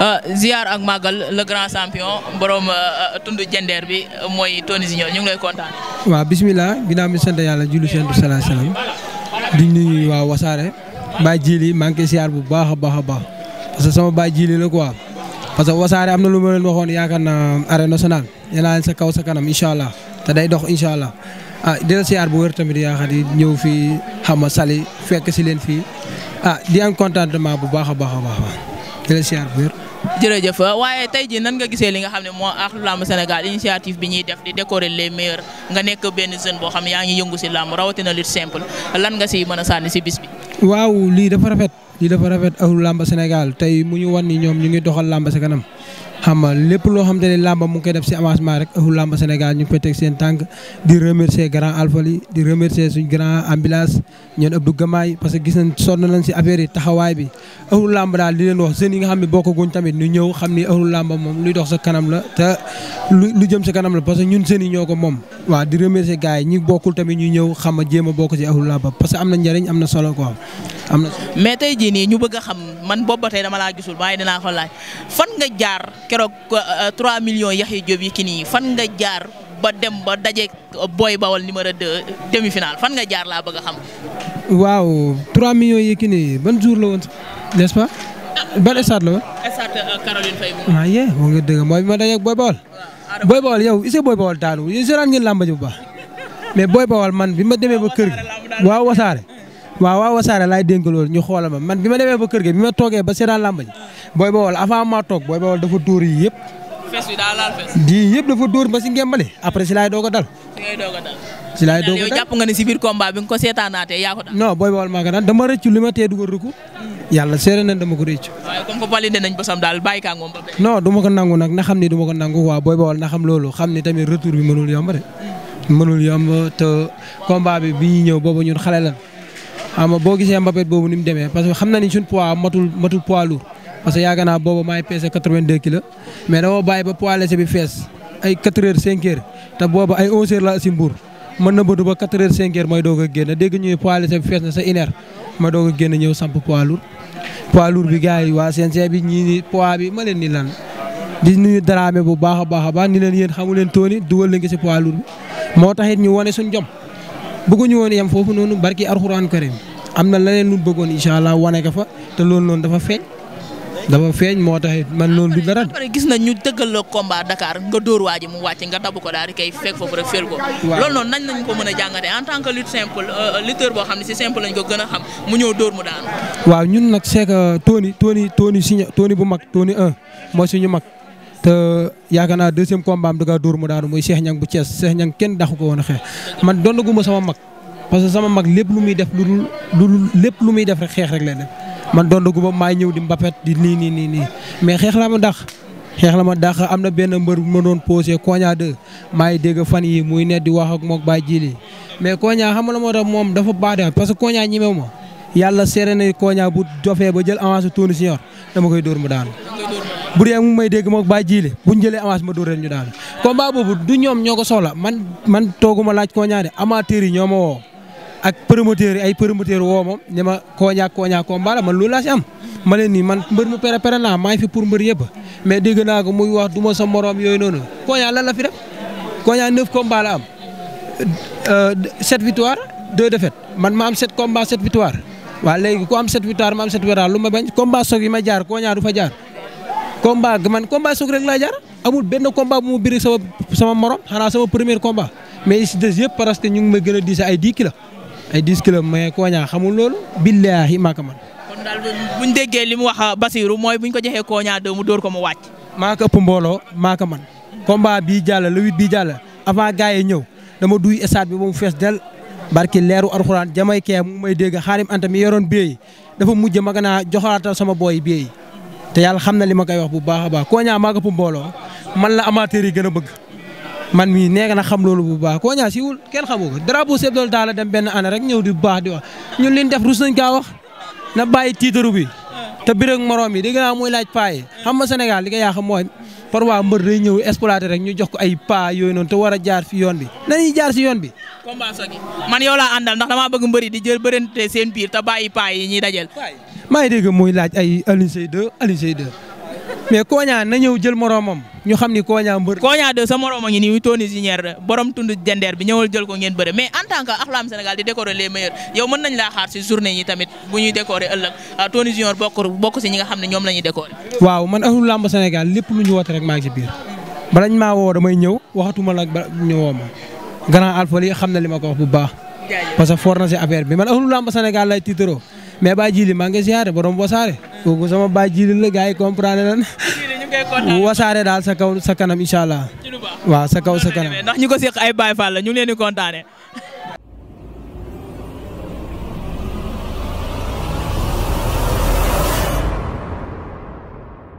Euh, ziar ak màggal la grand champion borom euh, euh, tund jendeer bi mooy Tony Junior ñu ngi lay kontaan. waaw bisimilah ginnaaw mi sant yàlla julli seen du salaam di nuyu waa wasaare baa Djili maa ngi koy bu baax a baax a baax parce sama baa Djili la quoi parce que wasaare am na lu ma leen waxoon yaakaar naa arène nationale nee naa leen sa kaw sa kanam incha allah te day dox incha allah ah di la ziar bu wér tamit yaakaar di ñëw fii xam sali fekk si leen fii ah di am bu baax a baax a baax jërëjëf waaye tey jii nan nga gisee li nga xam ne moo Ahlou Lamb Sénégal initiative bi ñuy def di décorer les meilleurs nga nekk benn jeune boo xam ne yaa ngi yëngu si làmb rawatina lutte simple lan nga si mën a sànni si bis bi. waaw lii dafa rafet lii dafa rafet Ahlou Lamb Sénégal tey mu ñu wan ni ñoom ñu ngi doxal làmb si kanam xam ma lépp loo xamante ne làmba mu ngi koy def si avancement rek ëxu làmba Sénégal ñu ngi teg seen tànk di remercier grand alfali di remercier suñ grand ambulance ñoon Abdou Gamaay parce que gis nañ sonn nañ si affaire yi taxawaay bi ëxu làmba daal di leen wax jeunes yi nga xam ne bokkaguñ tamit ñu ñëw xam ni ëxu làmba moom luy dox sa kanam la te lu jëm sa kanam la parce que ñun jeunes yi ñoo ko moom waa di remercier gars yi ñi bokkul tamit ñu ñëw xam nga jéema a bokk si ëxu làmba parce que am na njëriñ am na solo quoi am na mais tey jii nii ñu bëgg a xam man boobu ba tey dama laa gisul waaye dinaa ko laaj fan nga jaar keroog 3 euh, millions Yaxya Jóob yi kii nii fan nga jaar ba dem ba daje Boy Bawol numéro 2 demi final fan nga jaar laa bëgg a xam. waaw 3 millions yi kii nii ban jour la woon n'est-ce pas. ban stade la woon. stade euh, Caroline Faye. ah nga dëgg mooy bi ma booy Boy Bawol. Boy Bawol yow est-ce que Boy Bawol daanu yéen seetaan ngeen làmb bu baax mais Boy Bawol man bi ma demee ba kër gi waaw wasaare. waaw waaw wasaare laay dénk loolu ñu xoolal ma man bi ma demee ba kër gi bi ma toogee ba seetaan làmb ji booy bawol avant maa toog booy bawol dafa dóor yi yëpp. fes bi daa laal di yëpp dafa dóor ba si ngembale après si laay doog a dal. si laay doog dal. si laay ne si biir combat bi nga ko seetaanaatee yaa ko dal. non booy dama li ma tee dugal ruku. yàlla seere nañ dama ko rëccu. waaye comme que validé nañ daal bàyyi kaa moom ba ma ko nangu nag na xam ni du ko nangu waa booy bawol na xam loolu xam ni tamit retour bi mënul yomb de mënul yom te combat bi bi ñuy ñëw boobu ñun xale lan ama boo gisee mbapet boobu ni mu demee parce que xam na ni suñ poids matul matul poids lourd parce que yàgg naa booba maay peese 82 kilos mais dama bàyyi ba poids léger bi fees ay te booba ay 11 heures la si mbuur mën na bëdu ba 4 heures 5 heures may doog a génn dégg ñuy poids léger bi fees na sa une heure ma doog a génn ñëw samp poids lourd poids lourd bi gars yi waa CNG bi ñii ni poids bi ma leen ni lan di nuyu daraame bu baax a baax a baax ni leen yéen xamu leen tooni dugal leen ko si poids lourd bi moo taxit ñu wane suñ jom bëgguñu woon yem foofu noonu barki alxuraan karim am na leneen lu bëggoon incha allah wane ko fa te loolu noonu dafa feeñ. dafa feeñ moo tax man loolu du dara. pare gis nañ ñu dëggal la combat Dakar nga dóor waa ji mu wàcc nga dabu ko daal di koy fekk foofu rek fël ko. waaw loolu noonu nañ nañ ko mën a jàngatee en tant que lutte simple euh, lutteur boo xam ne si simple lañ ko gën a xam mu ñëw dóor mu daanu. waaw ñun nag c'est que Tony Tony Tony si Tony bu mag Tony moo mooy suñu mag. te yaakaar naa deuxième combat am da kaa dóor mu daanu muy Cheikh Niang bu Thiès Cheikh Niang kenn daxu ko woon a xeex man donnaguma sama mag parce que sama mag lépp lu muy def lu dul lépp lu muy def rek xeex rek leen def man donnaguma maay ñëw di mbapet di nii nii nii nii mais xeex laa ma dax xeex la ma dàq am na benn mbër ma doon posé Koña 2 maa ngi dégg fan yi muy net di wax ak moom Baye Djili mais Koña xam nga moo tax moom dafa baax parce que Koña ñemewu ma yàlla seere na Koña bu jofee ba jël avance tuuti si ñor dama koy dóor mu daanu. bu dee mu may dégg moog baa jiile bu ñu jëlee avance ma dóoreel ñu daal combat boobu du ñoom ñoo ko soxla man man ma laaj koo ñaare amateur yi ñoo ma woo ak promoteur yi ay promoteur woo ma ne ma koo ñaak koo ñaak combat la man loolu laa am. ma leen nii man mbër mu pere pere naa maa ngi fi pour mbër yëpp mais dégg naa ko mu wax du ma sa moroom yooyu noonu koo ñaa lan la fi def koo ñaa neuf combat la am euh, sept victoire deux défaites man ma am sept combat sept victoire waaw léegi ku am sept victoire lu ma bañ combat yi ma jaar koo ñaa du fa jaar. combat man combat soog rek laa jaar amul benn combat bu mu biri sama sama morom xanaa sama premier combat mais si des yëpp parce que ñu ngi may gën a diis ay 10 kilos ay 10 kilos mais Konia xamul loolu. billaahi maaka man. kon daal déggee li mu wax euh, Basirou mooy buñ ko joxee Konia doo mu dóor ko mu wàcc. maaka ko ëpp mbooloo maa man. combat bii jàll le huit bii jàll avant gars yi ñëw dama duy stade bi ba mu fees del barki leeru arxuraan jamay kee mu may dégg xaarim anta mi yoroon biyee yi mujj ma gën a joxalaatal sama booy biyee te yàlla xam na li ma wax bu baax a baax Konia maa ko ëpp mbooloo man la amateur yi gën a bëgg man mii nekk na xam loolu bu baax Konia siiwul kenn xamoo ko drapeau chef de l'État la dem benn année rek ñëw di baax di wax ñun liñ def rus nañ kaa wax na bàyyi tiitaru bi te biir ak morom yi dégg naa muy laaj paa yi xam nga Sénégal li ko yaa xam mooy par waa mbër day ñëw exploité rek ñu jox ko ay paa yooyu noonu te war a jaar fi yoon bi nañuy jaar si yoon bi. combat sogi man yow laa àndal ndax damaa bëgg mbëri di jël bërënte seen biir te bàyyi paa yi ñuy dajel maa ngi dégg muy laaj ay Alioune Seye 2 Alioune Seye 2 mais Koña na ñëw jël moromam ñu xam ni Koña mbër. Koña 2 sa morom a ngi nii Tony Junior borom tund jandeer bi ñëwal jël ko ngeen bëre mais en tant que Akhlam Sénégal di décorer les meilleurs yow mën nañ laa xaar si journée yi tamit bu ñuy décorer ëllëg ah, Tony Junior bokk bokk si ñi nga xam ne ñoom la ñuy décorer. waaw man Akhlu Lamb Sénégal lépp lu ñu woote rek maa ngi ci biir balañ maa woo damay ñëw waxatuma nag ba ñu woo ma grand alpha li xam na li ma ko wax baax. parce que for na bi man Akhlu Lamb Sénégal mais Baye Djili maa ngi siyaare borom wasaare kooku sama Baye Djili la gars yi comprendre lan wasaare daal sa kaw sa kanam incha allah waaw sa kaw sa kanam ndax ñu ko séq ay Baye Fall la ñu leen di